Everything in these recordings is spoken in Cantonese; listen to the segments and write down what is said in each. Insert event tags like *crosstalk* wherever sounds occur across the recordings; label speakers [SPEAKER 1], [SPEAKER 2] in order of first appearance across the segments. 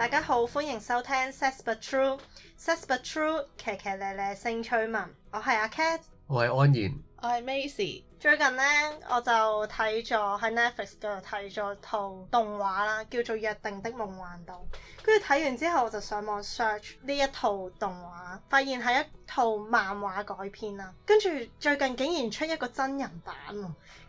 [SPEAKER 1] 大家好，歡迎收聽 Suspect True，Suspect True，騎騎咧咧性趣聞，我係阿 Cat，
[SPEAKER 2] 我係安然，我
[SPEAKER 1] 係 Maisie。最近呢，我就睇咗喺 Netflix 度睇咗套動畫啦，叫做《約定的夢幻島》。跟住睇完之後，我就上網 search 呢一套動畫，發現係一套漫畫改編啦。跟住最近竟然出一個真人版，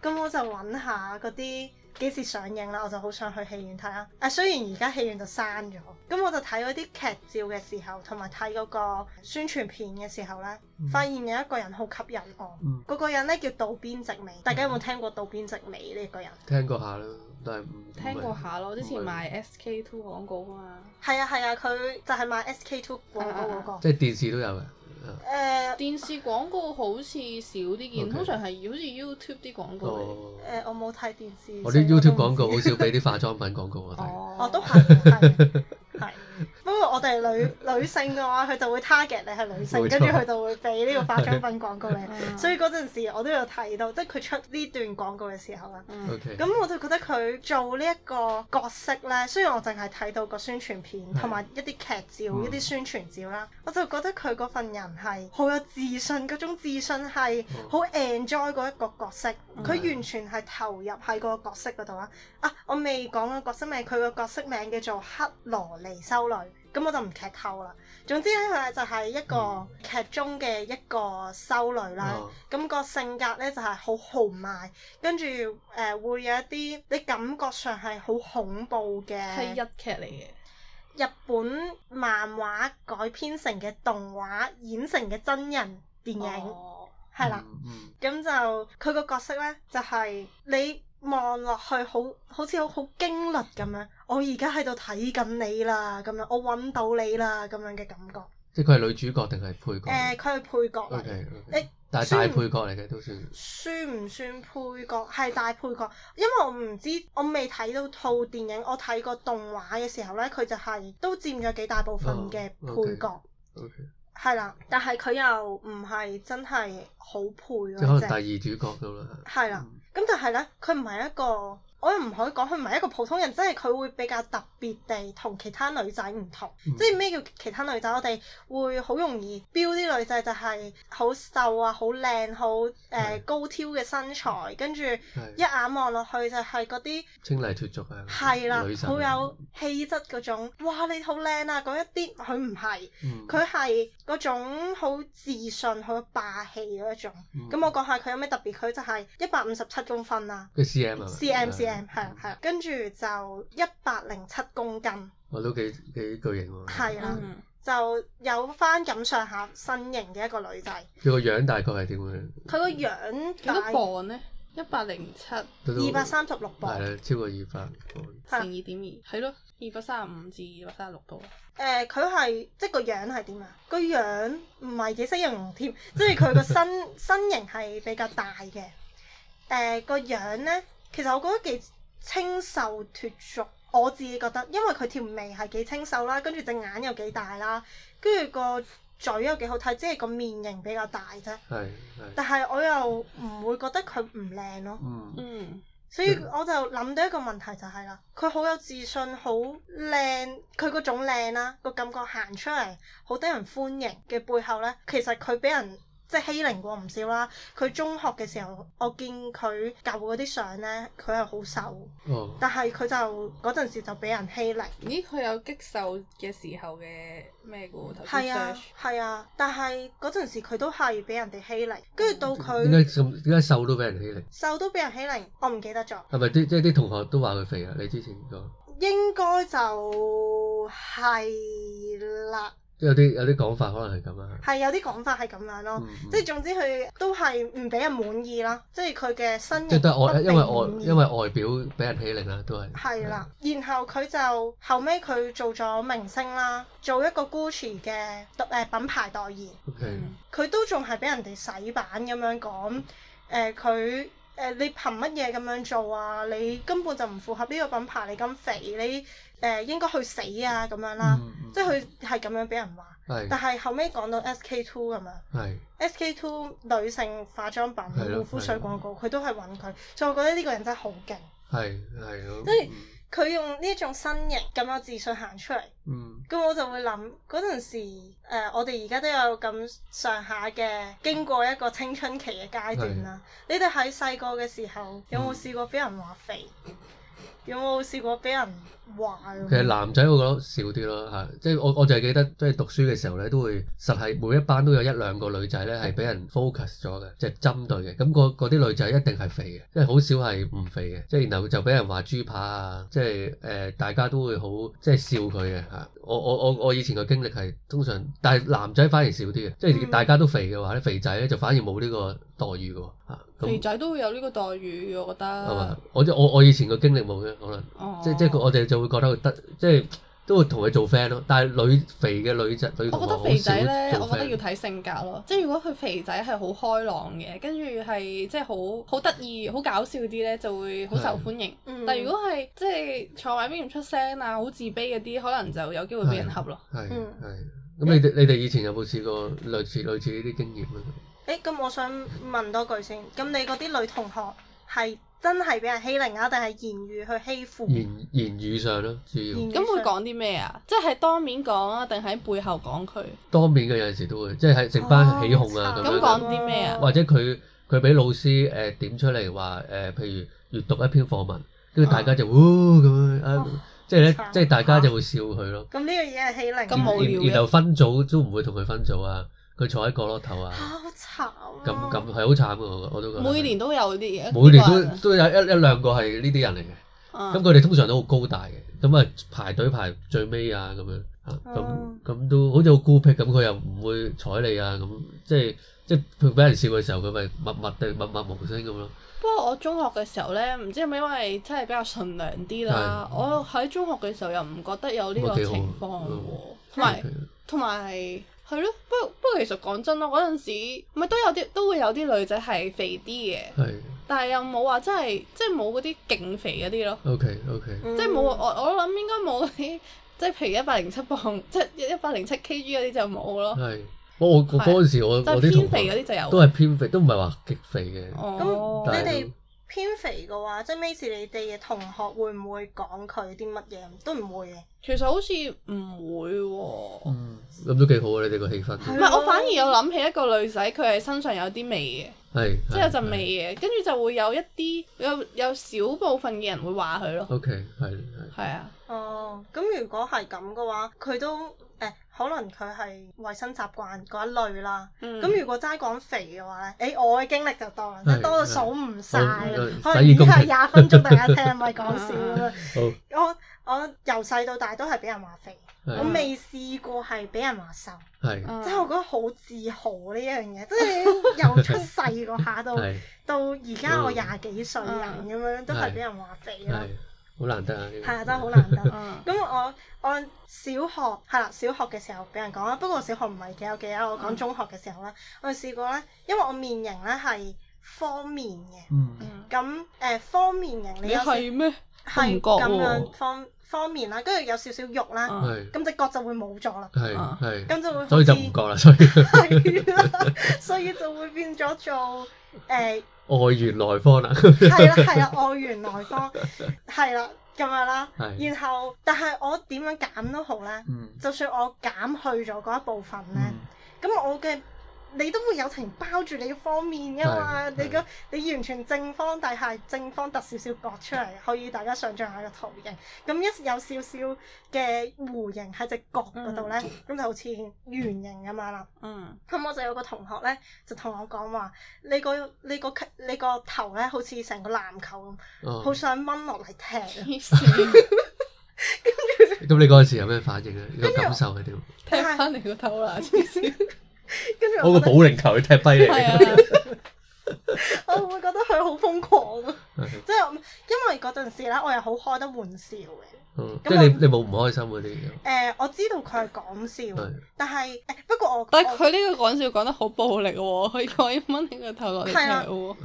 [SPEAKER 1] 咁我就揾下嗰啲。幾時上映啦？我就好想去戲院睇啦！啊，雖然而家戲院就閂咗，咁我就睇嗰啲劇照嘅時候，同埋睇嗰個宣傳片嘅時候呢，發現有一個人好吸引我。嗰個人呢叫渡邊直美，大家有冇聽過渡邊直美呢個人？
[SPEAKER 2] 聽過下咯，但係唔
[SPEAKER 1] 聽過下咯。之
[SPEAKER 3] 前賣 SK two 廣告啊嘛。係啊係啊，佢就係賣 SK two 廣告嗰個。即
[SPEAKER 2] 係電視都有嘅。
[SPEAKER 3] 誒電視廣告好似少啲見，通常係好似 YouTube 啲廣告。誒我冇睇電視。我啲 YouTube
[SPEAKER 2] 廣告好少俾啲化妝品廣告我睇。
[SPEAKER 1] 哦，都係。因為我哋女 *laughs* 女性嘅話，佢就會 target 你係女性，跟住佢就會俾呢個化妝品廣告你。 *laughs* 所以嗰陣時我都有睇到，即係佢出呢段廣告嘅時候啦。咁、嗯、Okay. 我就覺得佢做呢一個角色咧，雖然我淨係睇到個宣傳片同埋一啲劇照、嗯、一啲宣傳照啦，我就覺得佢嗰份人係好有自信，嗰種自信係好 enjoy 嗰一個角色。佢、嗯、完全係投入喺個角色嗰度啊！嗯嗯、啊，我未講個角色名，佢個角色名叫做黑羅尼修女。咁我就唔劇透啦。總之咧，佢就係一個劇中嘅一個修女啦。咁、嗯、個性格咧就係、是、好豪邁，跟住誒、呃、會有一啲你感覺上係好恐怖嘅。係一劇嚟嘅，日本漫畫改編成嘅動畫演成嘅真人電影。哦。係啦，咁、嗯嗯、就佢個角色咧，就係、是、你望落去好好似好好驚慄咁樣。我而家喺度睇緊你啦，咁樣我搵到你啦，咁樣嘅感覺。
[SPEAKER 2] 即係佢係女主角定係配角？誒、呃，
[SPEAKER 1] 佢係配角。O K，
[SPEAKER 2] 但係大配角嚟嘅，都算。
[SPEAKER 1] 算唔算配角係大配角？因為我唔知我未睇到套電影，我睇過動畫嘅時候咧，佢就係、是、都佔咗幾大部分嘅配角。O K、哦。Okay, okay. 係啦，但係佢又唔係真係好配嗰可能第二主角噶啦。係啦的，咁就係咧，佢唔係一個。我又唔可以講佢唔係一個普通人，即係佢會比較特別地同其他女仔唔同。嗯、即係咩叫其他女仔？我哋會好容易標啲女仔就係好瘦啊、好靚、好誒、呃、的高挑嘅身材，跟住、嗯、一眼望落去就係嗰啲
[SPEAKER 2] 清麗脫俗嘅、啊，係啦、啊，好有
[SPEAKER 1] 氣質嗰種。哇，你好靚啊！嗰一啲佢唔係，佢係嗰種好自信、好霸氣嗰一種。咁、嗯、我講下佢有咩特別，佢就係一百五十七公分啊
[SPEAKER 2] ，cm 啊，啊 c m c, c, c, c
[SPEAKER 1] 係啊係啊，跟住、嗯、就一百零七公斤，
[SPEAKER 2] 我、哦、都幾幾巨型喎、啊。係
[SPEAKER 1] 啦、啊，嗯、就有翻
[SPEAKER 3] 咁上下身形嘅一個女仔。
[SPEAKER 2] 佢個樣大概係點樣？
[SPEAKER 3] 佢個樣幾多磅咧？一百零七，二百三十六磅。係超過二百乘二點二。係咯，二百三十五至二百三十六度。誒，佢係、呃、即係個樣係點啊？個
[SPEAKER 1] 樣唔係幾吸引添，即係佢個身身形係比較大嘅。誒，個樣咧？其實我覺得幾清秀脫俗，我自己覺得，因為佢條眉係幾清秀啦，跟住隻眼又幾大啦，跟住個嘴又幾好睇，即係個面型比較大啫。但係我又唔會覺得佢唔靚咯。嗯。係係。所以我就諗到一個問題就係啦，佢好有自信，好靚，佢嗰種靚啦個感覺行出嚟，好得人歡迎嘅背後呢，其實佢俾人，即係欺凌過唔少啦。佢中學嘅時候，我見佢舊嗰啲相咧，佢係好瘦。哦。但係佢就嗰陣時就俾人欺凌。咦？佢有激瘦嘅時候嘅咩嘅？係啊，係啊。但係嗰陣時佢都係俾人哋欺凌，跟住到佢點
[SPEAKER 2] 解瘦都俾人欺凌？嗯、
[SPEAKER 1] 瘦都俾人欺凌，我唔記得咗。
[SPEAKER 2] 係咪啲即係啲同學都話佢肥啊？你之前講
[SPEAKER 1] 應該就係啦。
[SPEAKER 2] 有啲有啲講法可能係咁樣，
[SPEAKER 1] 係有啲講法係咁樣咯、嗯，即係總之佢都係唔俾人滿意啦，即係佢嘅身形，因為外，因為
[SPEAKER 2] 外表俾人欺凌啦，都係。
[SPEAKER 1] 係啦的，的然後佢就後尾，佢做咗明星啦，做一個 Gucci 嘅誒品牌代言，佢 Okay.、嗯、都仲係俾人哋洗版咁樣講誒佢。呃誒、呃、你憑乜嘢咁樣做啊？你根本就唔符合呢個品牌，你咁肥，你誒、呃、應該去死啊咁樣啦！嗯嗯、即係佢係咁樣俾人話，是但係後尾講到 SK Two 咁樣，SK Two 女性化妝品的護膚水廣告，佢都係揾佢，所以我覺得呢個人真係好勁。
[SPEAKER 2] 係係。即係。
[SPEAKER 1] 佢用呢種身形咁有自信行出嚟，咁、嗯、我就會諗嗰陣時、呃、我哋而家都有咁上下嘅經過一個青春期嘅階段啦。是的 你哋喺細個嘅時候有冇試過俾人話肥？嗯、有冇試過俾人？其實男
[SPEAKER 2] 仔我覺得少啲咯嚇，即係我我淨係記得即係讀書嘅時候咧，都會實係每一班都有一兩個女仔咧係俾人 focus 咗嘅，即係針對嘅。咁嗰啲女仔一定係肥嘅，即係好少係唔肥嘅。即係然後就俾人話豬扒啊，即係誒、呃、大家都會好即係笑佢嘅嚇。我我我我以前嘅經歷係通常，但係男仔反而少啲嘅，即係大家都肥嘅話咧，肥仔咧就反而冇呢個待遇嘅喎、啊、肥仔
[SPEAKER 3] 都會有呢個待遇，我覺得。係嘛？
[SPEAKER 2] 我即我我以前嘅經歷冇嘅，可能。哦、啊。即即係我哋做。會覺得佢得，即係都會同佢做 friend 咯。但係女肥嘅女仔女同學，我覺得肥仔咧，我覺得要
[SPEAKER 3] 睇性格咯。即係如果佢肥仔係好開朗嘅，跟住係即係好好得意、好搞笑啲咧，就會好受歡迎。的但如果係即係坐埋邊唔出聲啊，好自卑嗰啲，可能就有機會俾人恰咯。係係。
[SPEAKER 2] 咁、嗯、的你哋你哋以前有冇試過類似類似驗呢啲經驗啊？
[SPEAKER 3] 誒，咁我想問多句先。咁你嗰啲女同學係？真係俾人欺凌啊？定係言語去欺負？言
[SPEAKER 2] 言語上咯、啊，主
[SPEAKER 3] 要。咁會講啲咩啊？即係當面講啊，定喺背後講佢？
[SPEAKER 2] 當面嘅有陣時都會，即係係成班起哄啊咁、哦啊、樣講啲咩啊？或者佢佢俾老師誒、呃、點出嚟話誒，譬如閱讀一篇課文，跟住大家就喎咁樣，即係咧，啊、即係大家就會笑佢咯。
[SPEAKER 1] 咁呢、啊、樣嘢係欺凌、啊。咁無聊。然後
[SPEAKER 2] 分組都唔會同佢分組啊。佢坐喺角落頭啊！嚇、
[SPEAKER 3] 啊，好慘！咁咁
[SPEAKER 2] 係好慘嘅，我都覺得。每
[SPEAKER 3] 年都有啲嘅。每年都
[SPEAKER 2] 都有一一兩個係呢啲人嚟嘅。咁佢哋通常都好高大嘅，咁啊排隊排最尾啊咁樣。嚇、嗯！咁咁都好似好孤僻咁，佢又唔會睬你啊咁，即係即係佢俾人笑嘅時候，佢咪默默地，默默無聲咁咯。密密樣，
[SPEAKER 3] 不過我中學嘅時候咧，唔知係咪因為真係比較善良啲啦？的我喺中學嘅時候又唔覺得有呢個情況喎，同埋同埋。嗯嗯係咯，不過不過其實講真咯，嗰陣時咪都有啲都會有啲女仔係肥啲嘅，係，但係又冇話真係即係冇嗰啲勁肥嗰啲咯。
[SPEAKER 2] OK OK，即係冇
[SPEAKER 3] 我我諗應該冇嗰啲，即係譬如一百零七磅，即係一百零七 kg 嗰啲就冇咯。
[SPEAKER 2] 係，我我嗰陣時我、就是、偏肥嗰啲就有，都係偏肥，都唔係話極肥嘅。哦，
[SPEAKER 1] 咁你哋。偏肥嘅話，即係每次你哋嘅同學會唔會講佢啲乜嘢？
[SPEAKER 3] 都唔會嘅。其實好似唔會喎。
[SPEAKER 2] 嗯，咁都幾好啊！你哋個氣氛。
[SPEAKER 3] 唔係嘅，我反而有諗起一個女仔，佢係身上有啲味嘅。係，即係有陣味嘅，跟住就會有一啲有有少部分嘅人會話佢咯。O K，係係啊。哦，
[SPEAKER 1] 咁如果係咁嘅話，佢都誒、欸，可能佢係衞生習慣嗰一類啦。咁、嗯、如果齋講肥嘅話咧，誒、欸，我嘅經歷就多啦，即係多到數唔晒啦。可能已經係廿分鐘大家聽，唔係講笑啦。我我由細到大都係俾人話肥。我未試過係俾人話瘦，是即係我覺得好自豪呢一樣嘢， *laughs* 即係由出世嗰下到到而家我廿幾歲人咁樣，都係俾人話肥咯，
[SPEAKER 2] 好難得啊！係啊，真係好難得。
[SPEAKER 1] 咁 *laughs* 我我小學係啦，小學嘅時候俾人講啦，不過小學唔係幾有幾啊，我講中學嘅時候咧，我試過呢，因為我面型呢係方面
[SPEAKER 2] 嘅，咁
[SPEAKER 1] 誒、嗯呃、方面型你係咩？係咁樣方。方面啦，跟住有少少肉啦，咁隻、啊嗯、角就會冇咗啦，咁是、啊、就會好所以就啦，
[SPEAKER 2] 所以係
[SPEAKER 1] 啦， *laughs* *laughs* *laughs* 所以就會變咗做誒
[SPEAKER 2] 外圓內方啦，係啦，係啦，
[SPEAKER 1] 外圓內方係啦，咁樣啦，啊、然後但係我點樣減都好咧，嗯、就算我減去咗嗰一部分咧，咁、嗯、我嘅你都會有情包住你方面噶嘛，你個你完全正方，大，係正方凸少少角出嚟，可以大家想象下個圖形。咁一有少少嘅弧形喺隻角嗰度呢，咁、嗯、就好似圓形咁樣啦。嗯。咁我就有個同學呢，就同我講話：你個你個你個頭呢，好似成個籃球咁，好、哦、想掹落嚟踢。
[SPEAKER 2] 咁你嗰陣時有咩反應咧？有感受係點？
[SPEAKER 3] 踢翻你個頭啦！黐線。我，我個保齡
[SPEAKER 2] 球去踢跛你，
[SPEAKER 3] 我會覺得佢
[SPEAKER 1] 好瘋狂啊！即係 *laughs* 因為嗰陣時咧，我又好開得玩笑
[SPEAKER 2] 嘅。嗯，後即係你你冇唔開心嗰啲？
[SPEAKER 3] 誒，我知道佢係講笑，是的 但係誒、哎、不過我。但係佢呢個講笑講得好暴力喎、哦，可以講要掹你個頭落嚟踢喎。係咯。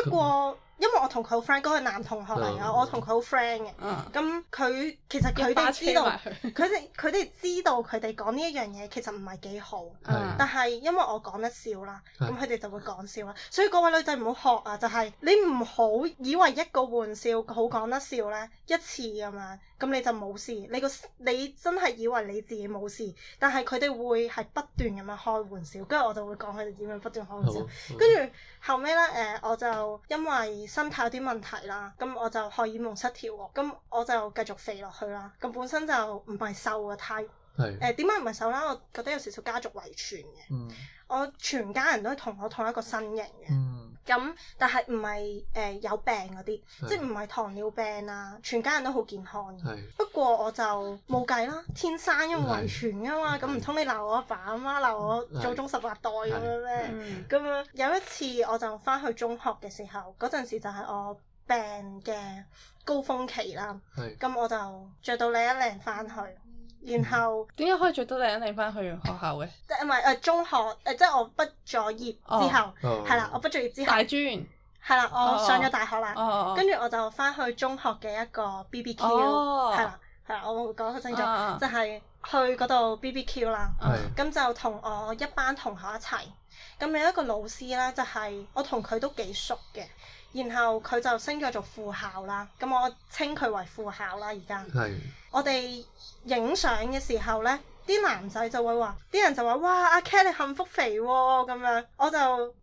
[SPEAKER 3] 我不，不
[SPEAKER 1] 過。因為我同佢好 friend，嗰個男同學嚟啊，我同佢好 friend 嘅。咁佢、uh, 其實佢哋知道，佢哋佢哋知道佢哋講呢一樣嘢其實唔係幾好。Uh, 但係因為我講得笑啦，咁佢哋就會講笑啦。所以各位女仔唔好學啊，就係、是、你唔好以為一個玩笑好講得笑呢，一次咁樣。咁你就冇事，你個你真係以為你自己冇事，但係佢哋會係不斷咁樣開玩笑，跟住我就會講佢哋點樣不斷開玩笑。跟住後尾咧，誒、呃、我就因為身體有啲問題啦，咁我就荷爾蒙失調喎，咁我就繼續肥落去啦。咁本身就唔係瘦嘅體，誒點解唔係瘦啦？我覺得有少少家族遺傳嘅，嗯、我全家人都係同我同一個身形嘅。嗯咁，但係唔係誒有病嗰啲，係。即係唔係糖尿病啊？全家人都好健康。係。不過我就冇計啦，天生因為遺傳噶嘛，咁唔通你鬧我阿爸阿媽鬧我祖宗十八代咁樣咩？咁樣，嗯、有一次我就翻去中學嘅時候，嗰陣時就係我病嘅高峰期啦。係係。咁我就着到靚一靚翻去。
[SPEAKER 3] 然後點解可以做到靚靚翻去完學校嘅、
[SPEAKER 1] 呃？即係唔係誒，中學誒，即係我畢咗業之後係啦、哦哦，我畢咗業之後大專係啦，我上咗大學啦，跟住、哦哦、我就翻去中學嘅一個 B B Q 係啦，係啦、哦，我講清楚、啊、就係去嗰度 B B Q 啦，咁、啊、就同我一班同學一齊，咁有一個老師咧就係、是、我同佢都幾熟嘅。然後佢就升咗做副校啦，咁我稱佢為副校啦。而家，是我哋影相嘅時候呢，啲男仔就會話，啲人就話：哇，阿、啊、Kate 你幸福肥喎、喔、咁樣。我就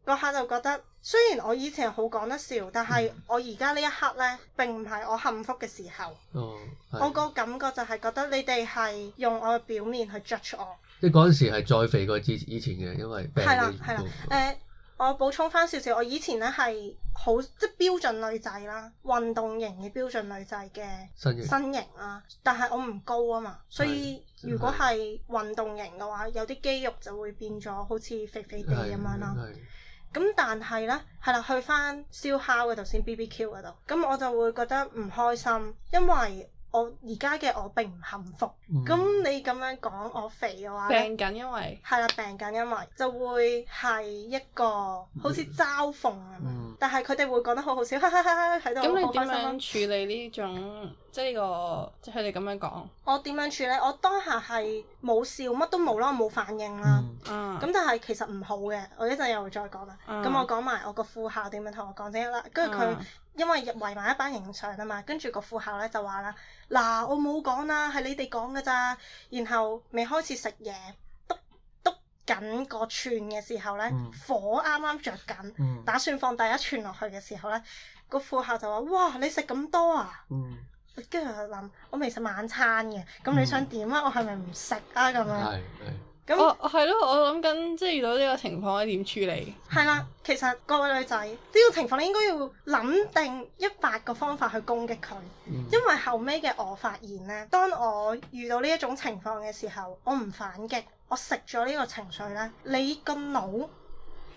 [SPEAKER 1] 嗰刻就覺得，雖然我以前好講得笑，但係我而家呢一刻呢，並唔係我幸福嘅時候。哦、我個感覺就係覺得你哋係用我嘅表面去 judge 我。
[SPEAKER 2] 即係嗰陣時係再肥過之以前嘅，因為病啦、啊，係啦、啊，誒、
[SPEAKER 1] 呃。我補充翻少少，我以前咧係好即係標準女仔啦，運動型嘅標準女仔嘅身形，啊，身形，但係我唔高啊嘛，所以如果係運動型嘅話，有啲肌肉就會變咗好似肥肥地咁樣啦。咁但係呢，係啦，去翻燒烤嘅頭先 BBQ 嗰度，咁我就會覺得唔開心，因為。我而家嘅我並唔幸福，咁、嗯、你咁樣講我肥嘅話，病緊因為係啦，病緊因為就會係一個好似嘲諷咁，嗯、但係佢哋會講得好好笑，哈哈哈哈喺度好開心咯。咁你點樣
[SPEAKER 3] 處理呢種即呢、呢個即係佢哋咁樣講？
[SPEAKER 1] 我點樣處理？我當下係冇笑，乜都冇啦，冇反應啦。咁但係其實唔好嘅，我一陣又會再講啦。咁、啊、我講埋我個副校點樣同我講先啦，跟住佢。因為入圍埋一班影相啊嘛，跟住個副校咧就話啦：嗱、啊，我冇講啦，係你哋講嘅咋。然後未開始食嘢，督篤緊個串嘅時候呢，嗯、火啱啱着緊，打算放第一串落去嘅時候呢，個、嗯、副校就話：哇，你食咁多啊！跟住我諗，我未食晚餐嘅，咁你想點啊？嗯、我係咪唔食啊？咁、嗯、樣。嗯嗯我係咯，我諗緊即係遇到呢個情況咧點處理？係啦、嗯，其實各位女仔，呢、這個情況你應該要諗定一百個方法去攻擊佢，因為後尾嘅我發現呢，當我遇到呢一種情況嘅時候，我唔反擊，我食咗呢個情緒呢，你個腦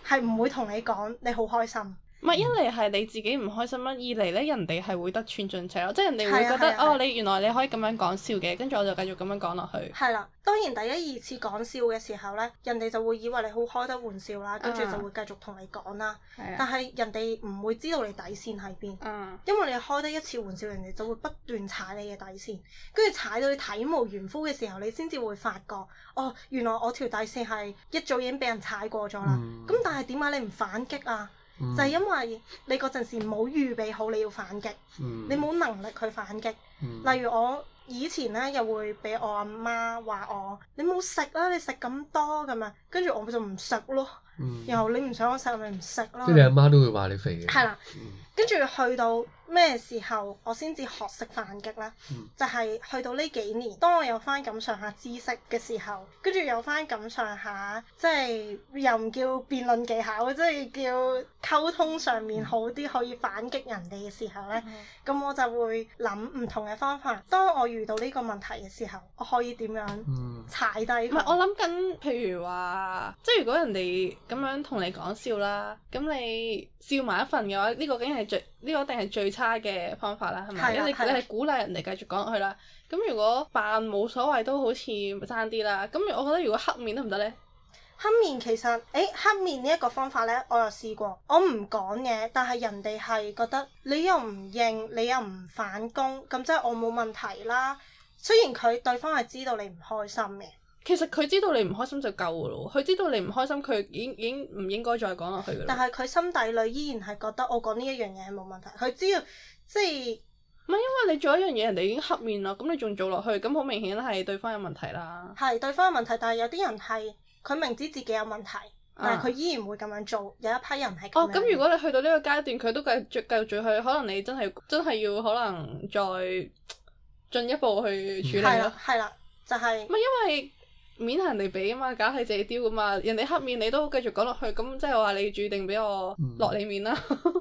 [SPEAKER 1] 係唔會同你講，你好開心。
[SPEAKER 3] 唔係、嗯、一嚟係你自己唔開心啦，二嚟咧人哋係會得寸進尺咯，即係人哋會覺得、啊啊啊、哦，你原來你可以咁樣講笑嘅，跟住我就繼續咁樣講落去。係
[SPEAKER 1] 啦、啊，當然第一二次講笑嘅時候咧，人哋就會以為你好開得玩笑啦，跟住就會繼續同你講啦。啊、但係人哋唔會知道你底線喺邊，啊、因為你開得一次玩笑，人哋就會不斷踩你嘅底線，跟住踩到你體無完膚嘅時候，你先至會發覺哦，原來我條底線係一早已經俾人踩過咗啦。咁、嗯、但係點解你唔反擊啊？嗯、就係因為你嗰陣時冇預備好你要反擊，嗯、你冇能力去反擊。嗯、例如我以前呢，又會俾我阿媽話我：你冇食啦，你食咁多㗎嘛！跟住我就唔食咯。嗯、然後你唔想我食咪唔食咯。即係你阿媽，媽都
[SPEAKER 2] 會話你肥嘅。係啦的，
[SPEAKER 1] 跟住、嗯、去到。咩時候我先至學識反擊啦？ *noise* 就係去到呢幾年，當我有翻咁上下知識嘅時候，跟住有翻咁上下，即係又唔叫辯論技巧，即係叫溝通上面好啲可以反擊人哋嘅時候呢。咁、嗯、我就會諗唔同嘅方法。當我遇到呢個問題嘅時候，我可以點樣踩低佢？唔、嗯、我
[SPEAKER 3] 諗緊，譬如話，即係如果人哋咁樣同你講笑啦，咁你笑埋一份嘅話，呢、呢個梗係最～呢個一定係最差嘅方法啦，係咪？係呀。你你係鼓勵人哋繼續講落去啦。咁如果扮冇所謂都好似爭啲啦。咁我覺得如果黑面都唔得呢？黑面其實，誒、欸、黑面呢一個方法呢，我又試過。我唔講嘢，但係人哋
[SPEAKER 1] 係覺得你又唔認，你又唔反攻，咁即係我冇問題啦。
[SPEAKER 3] 雖然佢對方係知道你唔開心嘅。其實佢知道你唔開心就夠嘅咯，佢知道你唔開心，佢已經已經唔應該再講落去嘅。但係佢心底裏依然係覺得我講呢一樣嘢係冇問題。佢只要即係唔係因為你做一樣嘢，人哋已經黑面啦，咁你仲做落去，咁好明顯係對方有問題啦。係對方有問題，但係有啲人係佢明知自己有問題，但係佢依然會咁樣做。啊、有一批人係哦，咁、嗯啊、如果你去到呢個階段，佢都繼續繼續做落去，可能你真係真係要可能再進一步去處理咯。係啦、嗯，就係、係、唔因為？面係人哋俾啊嘛，架係自己丟噶嘛。人哋黑面你都繼續講落去，咁即係我話你注定俾我落你面啦。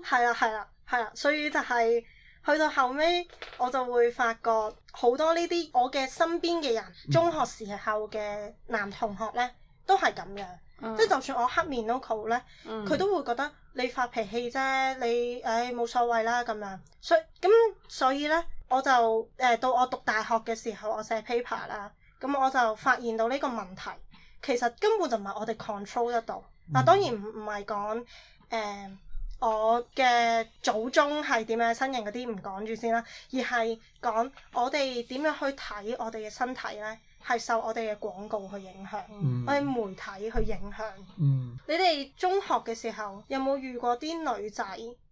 [SPEAKER 3] 係啦、嗯，係啦， *laughs* 係啦。所以就係、是、去到後尾我就會發覺好多呢啲
[SPEAKER 1] 我嘅身邊嘅人，嗯、中學時候嘅男同學呢，都係咁樣。即係、嗯、就算我黑面都好呢，佢、嗯、都會覺得你發脾氣啫，你唉冇、哎、所謂啦咁樣。所以咁所以咧，我就誒、呃、到我讀大學嘅時候，我寫 paper 啦。咁我就發現到呢個問題，其實根本就唔係我哋 control 得到。嗱、嗯，當然唔唔係講誒我嘅祖宗係點樣身形，嗰啲唔講住先啦，而係講我哋點樣去睇我哋嘅身體呢，係受我哋嘅廣告去影響，嗯、我哋媒體去影響。嗯、你哋中學嘅時候有冇遇過啲女仔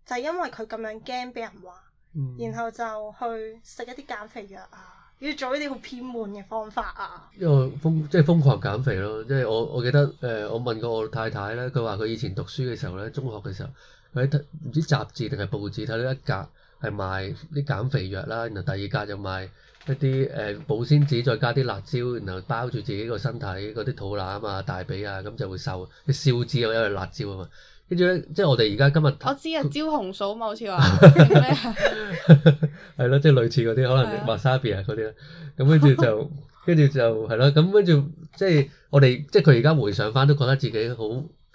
[SPEAKER 1] 就係因為佢咁樣驚俾人話，嗯、然後就去食一啲減肥藥啊？要做呢啲好偏門嘅方法啊！
[SPEAKER 2] 因為瘋即係瘋狂減肥咯，即係我我記得誒、呃，我問過我太太咧，佢話佢以前讀書嘅時候咧，中學嘅時候，佢喺唔知雜誌定係報紙睇到一格係賣啲減肥藥啦，然後第二格就賣一啲誒、呃、保鮮紙再加啲辣椒，然後包住自己個身體嗰啲肚腩啊、大髀啊，咁就會瘦。燒紙又因為辣椒啊嘛～跟住咧，即係我哋而家今日，我
[SPEAKER 3] 知啊，招紅嫂嘛，好似話，
[SPEAKER 2] 係咯，即係類似嗰啲，可能墨西哥嗰啲啦。咁跟住就，跟住就係咯。咁跟住，即係我哋，即係佢而家回想翻，都覺得自己好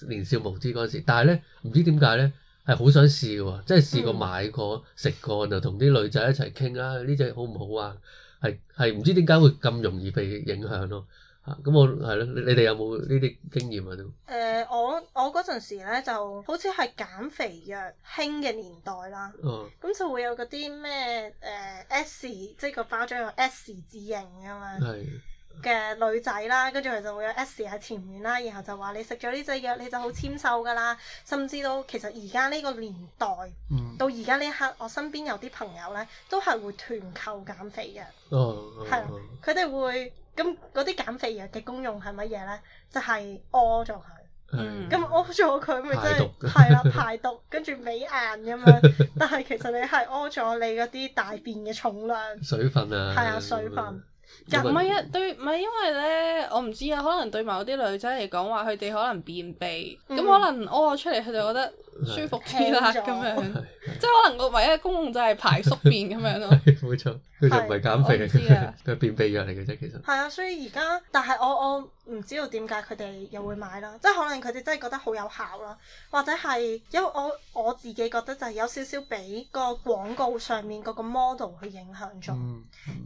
[SPEAKER 2] 年少無知嗰時。但係咧，唔知點解咧，係好想試喎，即係試過買過食過，就同啲女仔一齊傾啦。呢隻好唔好啊？係係唔知點解會咁容易被影響咯。咁、啊、我係咯，你哋有冇呢啲經驗啊？都
[SPEAKER 1] 誒、呃，我我嗰陣時咧，就好似係減肥藥興嘅年代啦。嗯、哦。咁就會有嗰啲咩誒 S，即係個包裝有 S 字形噶嘛。係的。嘅女仔啦，跟住佢就會有 S 喺前面啦，然後就話你食咗呢隻藥，你就好纖瘦噶啦。甚至到其實而家呢個年代，嗯、到而家呢一刻，我身邊有啲朋友咧，都係會團購減肥藥。
[SPEAKER 3] 哦。係啦，
[SPEAKER 1] 佢哋會。咁嗰啲減肥藥嘅功用係乜嘢呢？就係屙咗佢，咁屙咗佢咪即係係啦排毒，跟住美顏咁樣。
[SPEAKER 3] *laughs* 但係其實你係屙咗你嗰啲大便嘅重量、水分啊，係啊對水分。
[SPEAKER 1] 唔係
[SPEAKER 3] 啊，對，唔係因為咧，我唔知啊，可能對某啲女仔嚟講話，佢哋可能便秘，咁可能屙咗出嚟佢就覺得舒服啲啦，咁樣，即係可能個唯一功用就係排宿便咁樣咯。
[SPEAKER 2] 冇錯，佢就唔係減肥，佢係便秘藥嚟
[SPEAKER 1] 嘅啫，其實。係啊，所以而家，但係我我唔知道點解佢哋又會買啦，即係可能佢哋真係覺得好有效啦，或者係因為我我自己覺得就係有少少俾個廣告上面嗰個 model 去影響咗，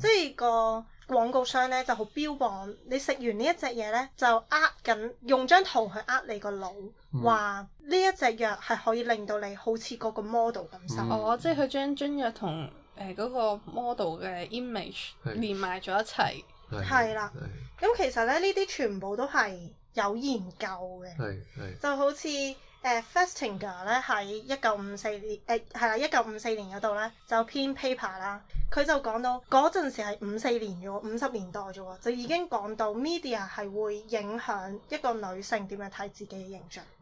[SPEAKER 1] 即係個。廣告商咧就好標榜，你食完呢一隻嘢呢，就呃緊，用張圖
[SPEAKER 3] 去呃你個腦，話呢、嗯、一隻藥係可以令到你好似嗰個 model 咁瘦。嗯、哦，即係佢將樽藥同誒嗰個 model 嘅 image 是連埋咗一齊。係啦，咁了是其實咧呢啲全部都係有研究
[SPEAKER 1] 嘅，就好似。Festinger 咧喺一九五四年，誒，係啦，一九五四年嗰度咧就編 paper 啦，佢就講到嗰陣時係五四年啫喎，五十年代啫喎，就已經講到 media 係會影響一個女性點樣睇自己嘅形象。 *noise*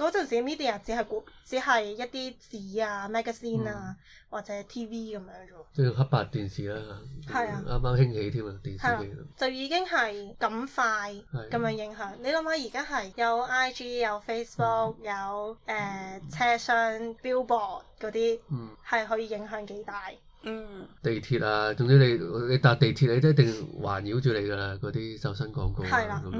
[SPEAKER 1] 嗰陣時 media 只係古只係一啲紙啊 magazine 啊、嗯、或者 TV 咁樣
[SPEAKER 2] 啫，即係黑白電視啦、啊，啱啱、啊、興起添啊電視啊
[SPEAKER 1] 就已經係咁快咁樣影響，啊、你諗下而家係有 IG 有 Facebook、啊、有 b i l 誒車廂 Billboard 嗰啲，係可以影響幾大。
[SPEAKER 2] 嗯，地鐵啊，總之你你搭地鐵，你都一定環繞住你噶啦，嗰啲瘦身廣告係、啊、啦，同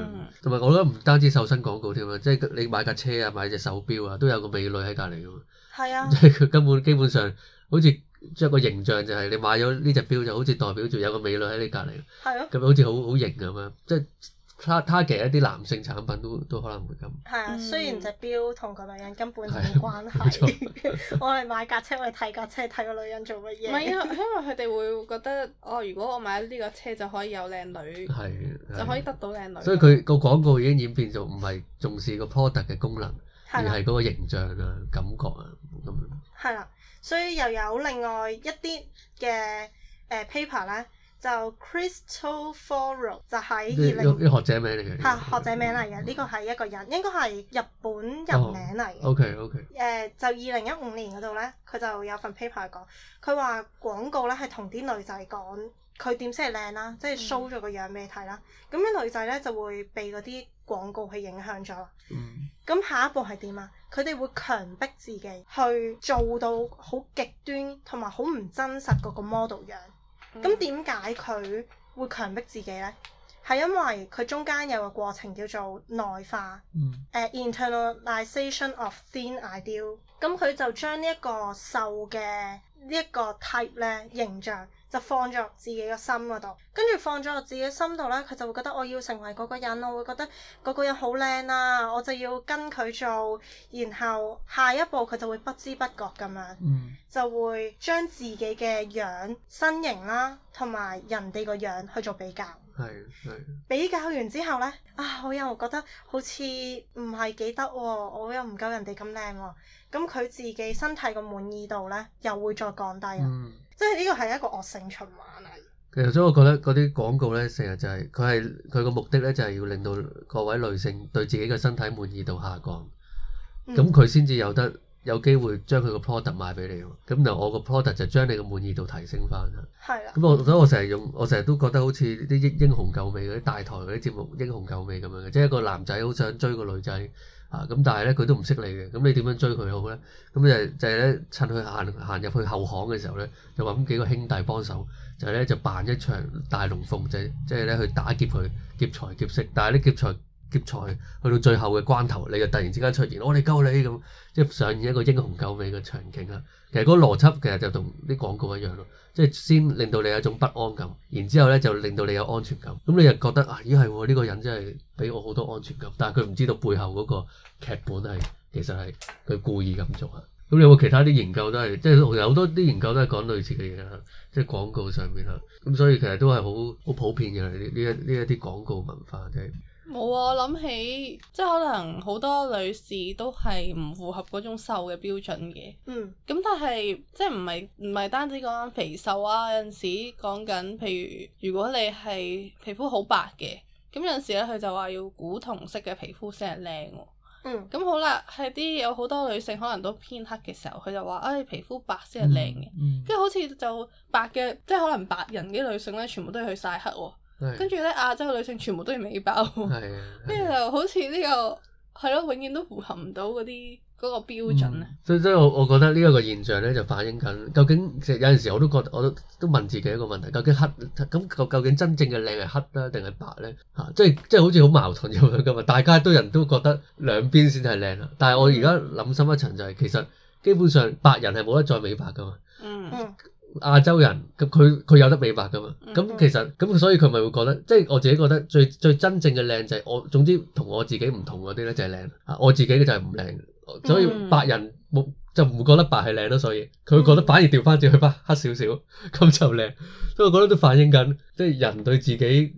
[SPEAKER 2] 埋、嗯、我覺得唔單止瘦身廣告添啊，即係你買架車啊，買隻手錶啊，都有個美女喺隔籬噶嘛，係啊的，即係佢根本基本上好似即係個形象就係你買咗呢隻錶就好似代表住有個美女喺你隔籬，係咯的，咁好似好好型咁樣，即係。他他嘅一啲男性產品都都
[SPEAKER 3] 可能會咁。係啊、嗯，雖然
[SPEAKER 1] 隻表同個女人根本冇關係， *laughs* 我係
[SPEAKER 3] 買架車，我係睇架車，睇個女人做乜嘢？唔、啊、因為佢哋會覺得哦，如果我買呢個車就可以有靚女，
[SPEAKER 2] 就可以得到靚女。所以佢個廣告已經演變做唔係重視個 product 嘅功能，啊、而係嗰個形象啊、感覺啊咁。
[SPEAKER 1] 係啦、啊，所以又有另外一啲嘅誒 paper 咧。就 Crystal Foro 就喺二零啲學
[SPEAKER 2] 者名嚟嘅，
[SPEAKER 1] 吓對學者名嚟嘅，呢個係一個人，嗯、應該係日本人名嚟嘅。O K O K。誒、okay, okay. 呃，就二零一五年嗰度咧，佢就有份 paper 講，佢話廣告咧係同啲女仔講，佢點先係靚啦，即係 show 咗個樣咩睇啦。咁啲、嗯、女仔咧就會被嗰啲廣告去影響咗。嗯。咁下一步係點啊？佢哋會強迫自己去做到好極端同埋好唔真實嗰個 model 樣。咁點解佢會強迫自己呢？係因為佢中間有個過程叫做內化，嗯 uh，internalization of thin ideal。咁佢就將呢一個瘦嘅呢一個 type 咧形象。就放咗自己個心嗰度，跟住放咗我自己心度呢，佢就會覺得我要成為嗰個人，我會覺得嗰個人好靚啦，我就要跟佢做，然後下一步佢就會不知不覺咁樣，嗯、就會將自己嘅樣身形啦，同埋人哋個樣去做比較。係，係。比較完之後呢，啊，我又覺得好似唔係幾得喎，我又唔夠人哋咁靚喎，咁佢自己身體個滿意度呢，又會再降低。嗯即係呢個
[SPEAKER 2] 係一個惡性循環嚟啊。其實所以，我覺得嗰啲廣告咧，成日就係佢係佢個目的咧，就係要令到各位女性對自己嘅身體滿意度下降，咁佢先至有得。有機會將佢個 product 賣畀你啊！咁嗱，我個 product 就將你嘅滿意度提升翻。係啦。咁我所以，我成日用，我成日都覺得好似啲英英雄救美嗰啲大台嗰啲節目英雄救美咁樣嘅，即係一個男仔好想追個女仔啊！咁但係咧，佢都唔識你嘅，咁你點樣追佢好咧？咁就就係咧，趁佢行行入去後巷嘅時候咧，就揾幾個兄弟幫手，就咧就扮一場大龍鳳仔，即係咧去打劫佢，劫財劫色。但係咧劫財，劫財去到最後嘅關頭，你就突然之間出現，我哋、 *noise* 啊、救你咁，即係上演一個英雄救美嘅場景啦。其實嗰個邏輯其實就同啲廣告一樣咯，即係先令到你有一種不安感，然之後咧就令到你有安全感。咁、嗯、你又覺得啊，咦係呢、哎這個人真係俾我好多安全感，但係佢唔知道背後嗰個劇本係其實係佢故意咁做啊。咁你有冇其他啲研究都係？即係好多啲研究都係講類似嘅嘢啊，即係廣告上面啊。咁所以其實都係好好普遍嘅呢一呢一啲廣告文化嘅。即
[SPEAKER 3] 冇啊！我諗起即係可能好多女士都係唔符合嗰種瘦嘅標準嘅。嗯。咁但係即係唔係唔係單止講緊肥瘦啊？有陣時講緊譬如如果你係皮膚好白嘅，咁有陣時咧佢就話要古銅色嘅皮膚先係靚喎。嗯。咁好啦，係啲有好多女性可能都偏黑嘅時候，佢就話誒、哎、皮膚白先係靚嘅，跟住、嗯嗯、好似就白嘅，即係可能白人啲女性咧全部都係去曬黑喎。跟住咧，亞洲嘅女性全部都要美白喎，跟住就好似呢、這個係咯，的永遠都符合唔到嗰啲嗰個標準、嗯、
[SPEAKER 2] 所以真係我，我覺得呢一個現象咧就反映緊究竟，其實有陣時我都覺得，我都都問自己一個問題：究竟黑咁，究竟真正嘅靚係黑啦定係白咧？嚇、啊，即係即係好似好矛盾咁樣噶嘛。大家都人都覺得兩邊先係靚啦，但係我而家諗深一層就係、是，其實基本上白人係冇得再美白噶嘛。嗯。嗯亞洲人咁佢佢有得美白㗎嘛？咁、mm hmm. 其實咁所以佢咪會覺得，即係我自己覺得最最真正嘅靚仔，我總之同我自己唔同嗰啲咧就係靚，我自己嘅就係唔靚，所以白人、mm hmm. 就唔覺得白係靚咯，所以佢覺得反而調翻轉去，翻黑少少咁就靚， *laughs* 所以我覺得都反映緊，即係人對自己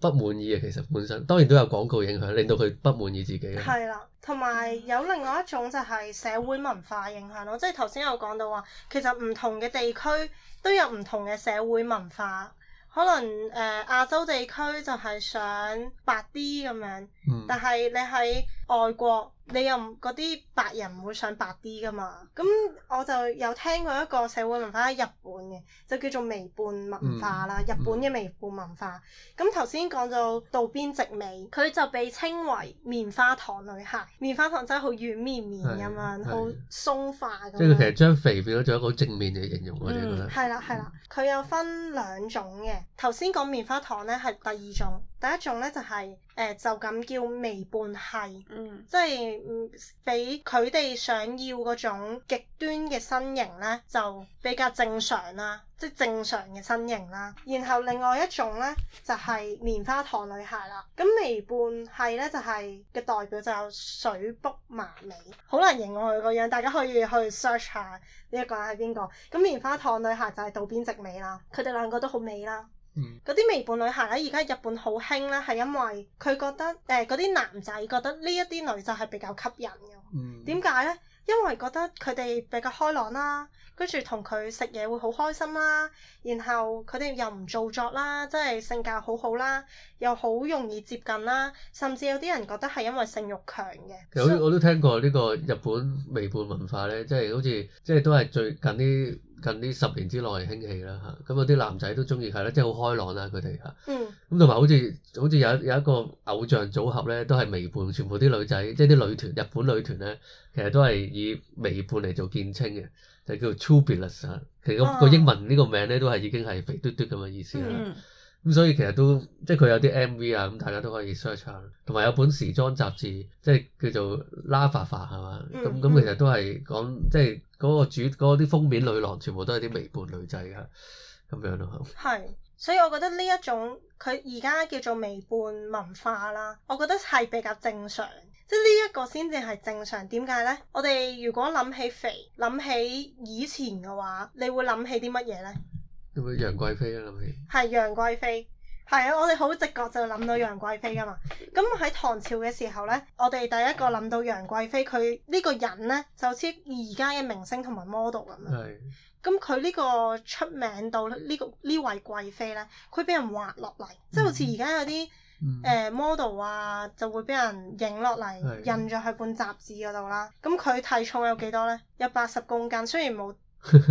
[SPEAKER 2] 都不滿意嘅其實本身，當然都有廣告影響，令到佢不滿意自己。係
[SPEAKER 1] 啦，同埋有，有另外一種就係社會文化影響咯，即係頭先有講到話，其實唔同嘅地區都有唔同嘅社會文化，可能誒、呃、亞洲地區就係想白啲咁樣，但係你喺外國。你又唔嗰啲白人唔會想白啲噶嘛？咁我就有聽過一個社會文化喺日本嘅，就叫做微胖文化啦。日本嘅微胖文化，咁頭先講到渡邊直美，佢就被稱為棉花糖女孩。棉花糖真係好軟綿綿咁樣，好鬆化咁。即係佢其實將
[SPEAKER 2] 肥變咗做一個正面嘅形容、啊，我哋
[SPEAKER 1] 係啦係啦，佢的、嗯、有分兩種嘅。頭先講棉花糖呢係第二種，第一種呢就係、是。誒、呃、就咁叫微胖系，嗯、即係畀佢哋想要嗰種極端嘅身形呢，就比較正常啦，即係正常嘅身形啦。然後另外一種呢，就係、是、棉花糖女孩啦。咁微胖系呢，就係、是、嘅代表就有水卜麻美，好難形容佢個樣，大家可以去 search 下呢一個人係邊個？咁棉花糖女孩就係渡邊直美啦。佢哋兩個都好美啦。嗰啲、嗯、微胖女孩咧，而家日本好興咧，係因為佢覺得誒、嗰啲男仔覺得呢一啲女仔係比較吸引嘅。點解、嗯、呢？因為覺得佢哋比較開朗啦，跟住同佢食嘢會好開心啦，然後佢哋又唔做作啦，即係性格好好啦，又好容易接近啦，甚至有啲人覺得係因為性欲強嘅。其
[SPEAKER 2] 實以以我都聽過呢個日本微胖文化呢，即、就、係、是、好似即係都係最近啲。近呢十年之內興起啦，嚇咁有啲男仔都中意佢啦，即係好開朗啦，佢哋嚇，咁同埋好似好似有有一個偶像組合咧，都係微胖，全部啲女仔即係啲女團日本女團咧，其實都係以微胖嚟做見稱嘅，就叫做 Chubbiness 啊，其實個英文呢個名咧都係已經係肥嘟嘟咁嘅意思啦。嗯咁所以其實都即係佢有啲 M V 啊，咁大家都可以 search 下。同埋有本時裝雜誌，即係叫做《拉法法》係嘛、嗯嗯？咁咁其實都係講即係嗰個主啲封面女郎，全部都係啲微胖女仔噶咁樣咯。
[SPEAKER 1] 係，所以我覺得呢一種佢而家叫做微胖文化啦，我覺得係比較正常。即係呢一個先至係正常。點解呢？我哋如果諗起肥，諗起以前嘅話，你會諗起啲乜嘢呢？咁楊貴妃啦，諗起係楊貴妃，係啊！我哋好直覺就諗到楊貴妃噶嘛。咁喺唐朝嘅時候呢，我哋第一個諗到楊貴妃，佢呢個人呢，就好似而家嘅明星同埋 model 咁。係是。咁佢呢個出名到呢、呢個呢位貴妃呢，佢俾人畫落嚟，嗯、即係好似而家有啲誒 model 啊，就會俾人影落嚟印咗喺本雜誌嗰度啦。咁佢是體重有幾多呢？有八十公斤，雖然冇。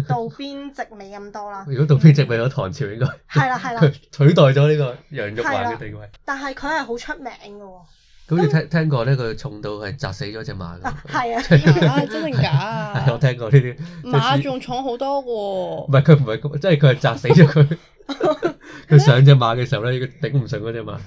[SPEAKER 1] 道邊直尾咁多啦。如果道邊直
[SPEAKER 2] 尾咗唐朝應該係啦，係啦，佢取代咗呢個楊玉環嘅地位。
[SPEAKER 1] 但係佢係好出名嘅喎。
[SPEAKER 2] 好似聽聽過咧，佢重到係砸死咗隻馬嘅。
[SPEAKER 3] 係啊，
[SPEAKER 2] 真定假啊？我聽過呢啲。馬仲
[SPEAKER 3] 重好多喎。唔係佢
[SPEAKER 2] 唔係即係佢係砸死咗佢。佢上隻馬嘅時候咧，佢頂唔順嗰隻馬，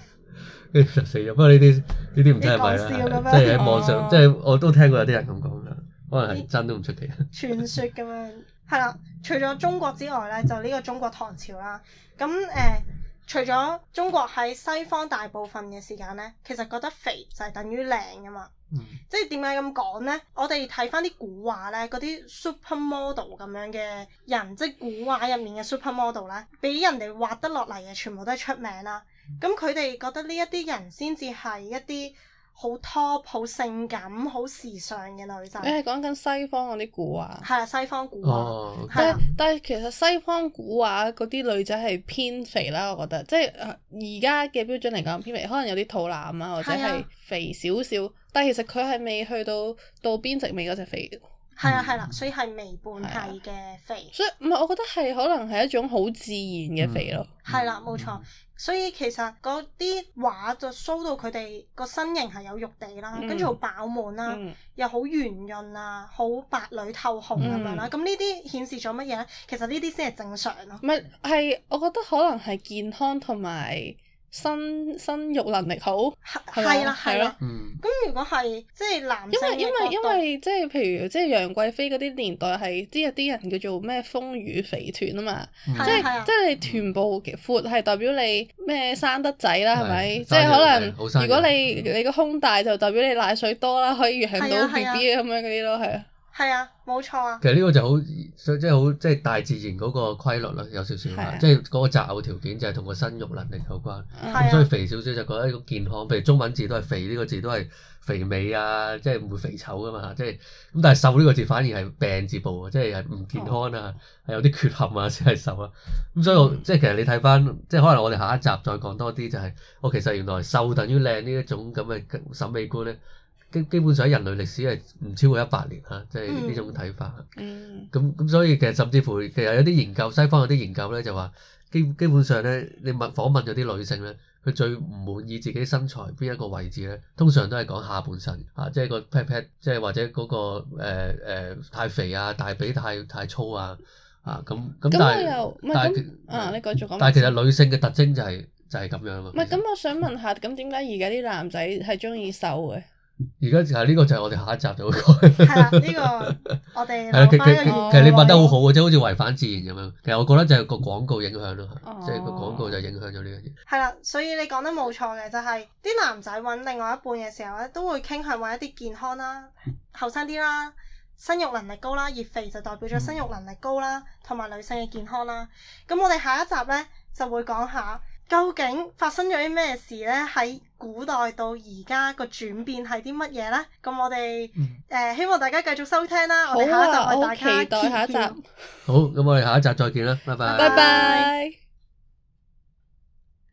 [SPEAKER 2] 跟住砸死咗。不過呢啲呢啲唔知係咪啦？即係喺網上，即係我都聽過有啲人咁講啦，可能係真都唔出奇。傳說咁
[SPEAKER 1] 樣。係啦，除咗中國之外咧，就呢個中國唐朝啦。咁誒、呃，除咗中國喺西方大部分嘅時間咧，其實覺得肥就係等於靚㗎嘛。嗯、即係點解咁講咧？我哋睇返啲古畫咧，嗰啲 super model 咁樣嘅人，即係古畫入面嘅 super model 咧，俾人哋畫得落嚟嘅全部都係出名啦。咁佢哋覺得呢一啲人先至係一啲。好 top，好性感，好時尚嘅女仔。你係
[SPEAKER 3] 講緊西方嗰啲古畫？係
[SPEAKER 1] 啊， *noise* 西方古畫、oh, okay.。
[SPEAKER 3] 但係其實西方古畫嗰啲女仔係偏肥啦，我覺得。即係而家嘅標準嚟講，偏肥可能有啲肚腩啊，或者係肥少少。 *noise* 但係其實佢係未去到到邊隻尾嗰隻肥。
[SPEAKER 1] 係啊，係啦、啊，所以係微半係嘅肥、
[SPEAKER 3] 啊，所以唔係，我覺得係可能係一種好自然嘅肥咯。
[SPEAKER 1] 係啦、嗯，冇、嗯、錯、嗯啊，所以其實嗰啲畫就 show 到佢哋個身形係有肉地啦，跟住好飽滿啦，嗯、又好圓潤啊，好白裏透紅咁、嗯、樣啦。咁呢啲
[SPEAKER 3] 顯示咗乜嘢咧？其實呢啲先係正常咯。唔係，係我覺得可能係健康同埋。生生育能力好，係啦係咯。咁如果係
[SPEAKER 1] 即係男，因為因為因
[SPEAKER 3] 為即係譬如即係楊貴妃嗰啲年代係啲人啲人叫做咩豐乳肥臀啊嘛，即係即係你臀部嘅闊係代表你咩生得仔啦係咪？即係可能如果你你個胸大就代表你奶水多啦，可以養到 B B 咁樣嗰啲咯，係啊。
[SPEAKER 1] 係啊，
[SPEAKER 2] 冇錯啊。其實呢個就好，所以即係好，即、就、係、是、大自然嗰個規律啦，有少少、啊、即係嗰個擇偶條件就係同個生育能力有關。咁、啊、所以肥少少就覺得呢個健康，譬如中文字都係肥呢、這個字都係肥美啊，即係唔會肥醜噶嘛嚇，即係咁。但係瘦呢個字反而係病字部啊，即係係唔健康啊，係、哦、有啲缺陷啊先係瘦啊。咁所以我、嗯、即係其實你睇翻，即係可能我哋下一集再講多啲、就是，就係我其實原來瘦等於靚呢一種咁嘅審美觀咧。基基本上喺人類歷史係唔超過一百年啦，即係呢種睇法。咁咁所以其實甚至乎其實有啲研究，西方有啲研究咧就話，基基本上咧你問訪問咗啲女性咧，佢最唔滿意自己身材邊一個位置咧，通常都係講下半身嚇，即係個 pat pat，即係或者嗰個誒誒太肥啊，大髀太太粗啊啊咁咁、啊啊。但係但係
[SPEAKER 3] 你繼續講，啊，其實女
[SPEAKER 2] 性嘅特徵就係就係咁樣啊嘛。唔
[SPEAKER 3] 係咁，我想問問下，咁點解而家啲男仔係中意瘦嘅？
[SPEAKER 2] 而家就係呢個就係我哋下一集就會講的。係啦，呢個我哋其實你問得好好，哦、即好即係好似違反自然咁樣。其實我覺得就係個廣告影響咯，即係、哦、個廣告就影響咗呢樣嘢。
[SPEAKER 1] 係啦，所以你講得冇錯嘅，就係、是、啲男仔搵另外一半嘅時候咧，都會傾向搵一啲健康啦、後生啲啦、生育能力高啦，而肥就代表咗生育能力高啦，同埋、嗯、女性嘅健康啦。咁我哋下一集咧就會講下。究竟發生咗啲咩事呢？喺古代到而家個轉變係啲乜嘢呢？咁我哋誒、嗯呃、希望大家繼續收聽啦。我哋好啊，我哋下一集好期待大家下一集。 *laughs* 好，咁我哋下一集再見啦，拜拜。拜拜。拜拜。